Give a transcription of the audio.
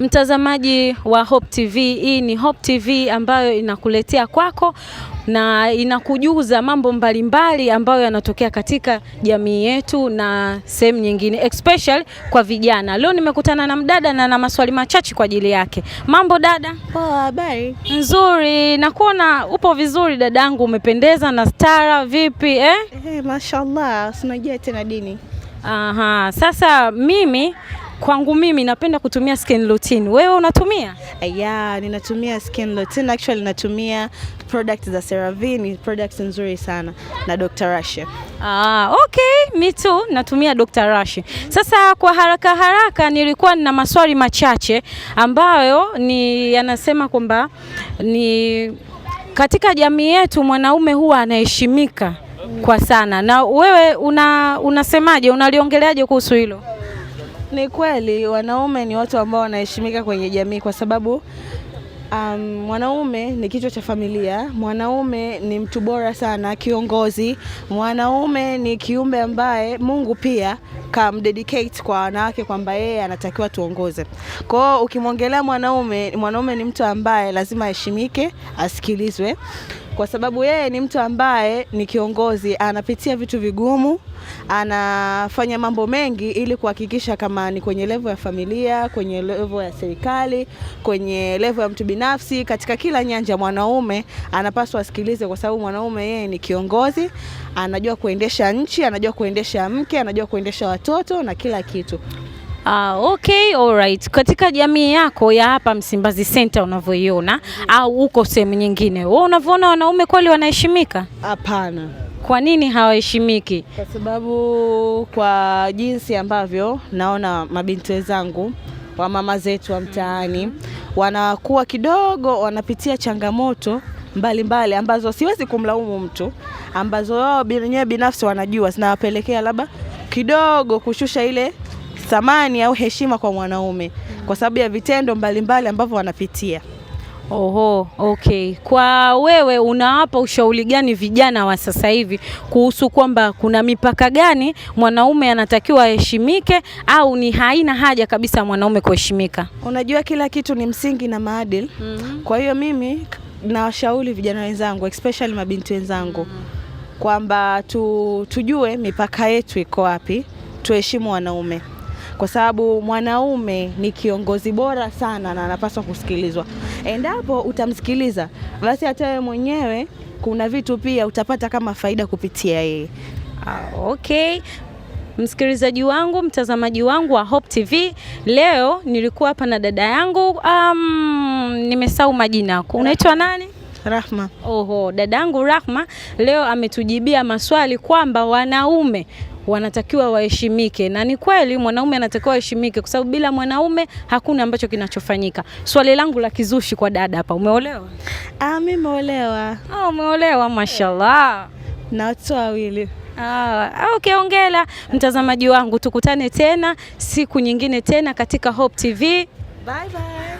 mtazamaji wa Hope TV. Hii ni Hope TV ambayo inakuletea kwako na inakujuza mambo mbalimbali mbali ambayo yanatokea katika jamii yetu na sehemu nyingine especially kwa vijana. Leo nimekutana na mdada na na maswali machache kwa ajili yake. Mambo dada? Poa, habari? Nzuri. Nakuona upo vizuri dadangu, umependeza na stara vipi eh? Hey, eh, mashallah, sinajua tena dini. Aha, sasa mimi Kwangu mimi napenda kutumia skin routine. Wewe unatumia? Yeah, ninatumia skin routine. Actually natumia product za CeraVe, ni products nzuri sana na Dr. Rush. Ah, okay, mi tu natumia Dr. Rush. Sasa kwa haraka haraka nilikuwa nina maswali machache ambayo ni yanasema kwamba ni katika jamii yetu mwanaume huwa anaheshimika kwa sana, na wewe una unasemaje, unaliongeleaje kuhusu hilo? Ni kweli wanaume ni watu ambao wanaheshimika kwenye jamii kwa sababu Um, mwanaume ni kichwa cha familia. Mwanaume ni mtu bora sana, kiongozi. Mwanaume ni kiumbe ambaye Mungu pia kamdedicate kwa wanawake kwamba yeye anatakiwa tuongoze. Kwa hiyo ukimwongelea mwanaume, mwanaume ni mtu ambaye lazima aheshimike, asikilizwe kwa sababu yeye ni mtu ambaye ni kiongozi, anapitia vitu vigumu, anafanya mambo mengi ili kuhakikisha kama ni kwenye levo ya familia, kwenye levo ya serikali, kwenye levo ya mtu binafsi, katika kila nyanja mwanaume anapaswa asikilize, kwa sababu mwanaume yeye ni kiongozi, anajua kuendesha nchi, anajua kuendesha mke, anajua kuendesha watoto na kila kitu. Uh, okay, right. Katika jamii yako ya hapa Msimbazi Center unavyoiona mm -hmm. au uko sehemu nyingine, wewe unavyoona wanaume kweli wanaheshimika? Hapana. Kwa nini hawaheshimiki? Kwa sababu kwa jinsi ambavyo naona mabinti wenzangu wa mama zetu wa mtaani mm -hmm. wanakuwa kidogo wanapitia changamoto mbalimbali mbali, ambazo siwezi kumlaumu mtu ambazo wao wenyewe binafsi wanajua zinawapelekea labda kidogo kushusha ile thamani au heshima kwa mwanaume kwa sababu ya vitendo mbalimbali ambavyo wanapitia. Oho, okay. Kwa wewe unawapa ushauri gani vijana wa sasa hivi kuhusu kwamba kuna mipaka gani mwanaume anatakiwa aheshimike au ni haina haja kabisa mwanaume kuheshimika? Unajua kila kitu ni msingi na maadili. mm -hmm. Kwa hiyo mimi nawashauri vijana wenzangu especially mabinti wenzangu mm -hmm. kwamba tu, tujue mipaka yetu iko wapi, tuheshimu wanaume kwa sababu mwanaume ni kiongozi bora sana na anapaswa kusikilizwa. Endapo utamsikiliza, basi hata wewe mwenyewe kuna vitu pia utapata kama faida kupitia yeye. Ah, okay. Msikilizaji wangu, mtazamaji wangu wa Hope TV, leo nilikuwa hapa na dada yangu um, nimesahau majina yako, unaitwa nani? Rahma. Oho, dadangu Rahma leo ametujibia maswali kwamba wanaume wanatakiwa waheshimike, na ni kweli mwanaume anatakiwa waheshimike kwa sababu bila mwanaume hakuna ambacho kinachofanyika. Swali langu la kizushi kwa dada hapa, umeolewa? Ah, mimi umeolewa. Ah, umeolewa, mashallah, na watoto wawili. Ah, ah, okay, ongela mtazamaji wangu, tukutane tena siku nyingine tena katika Hope TV. Bye bye.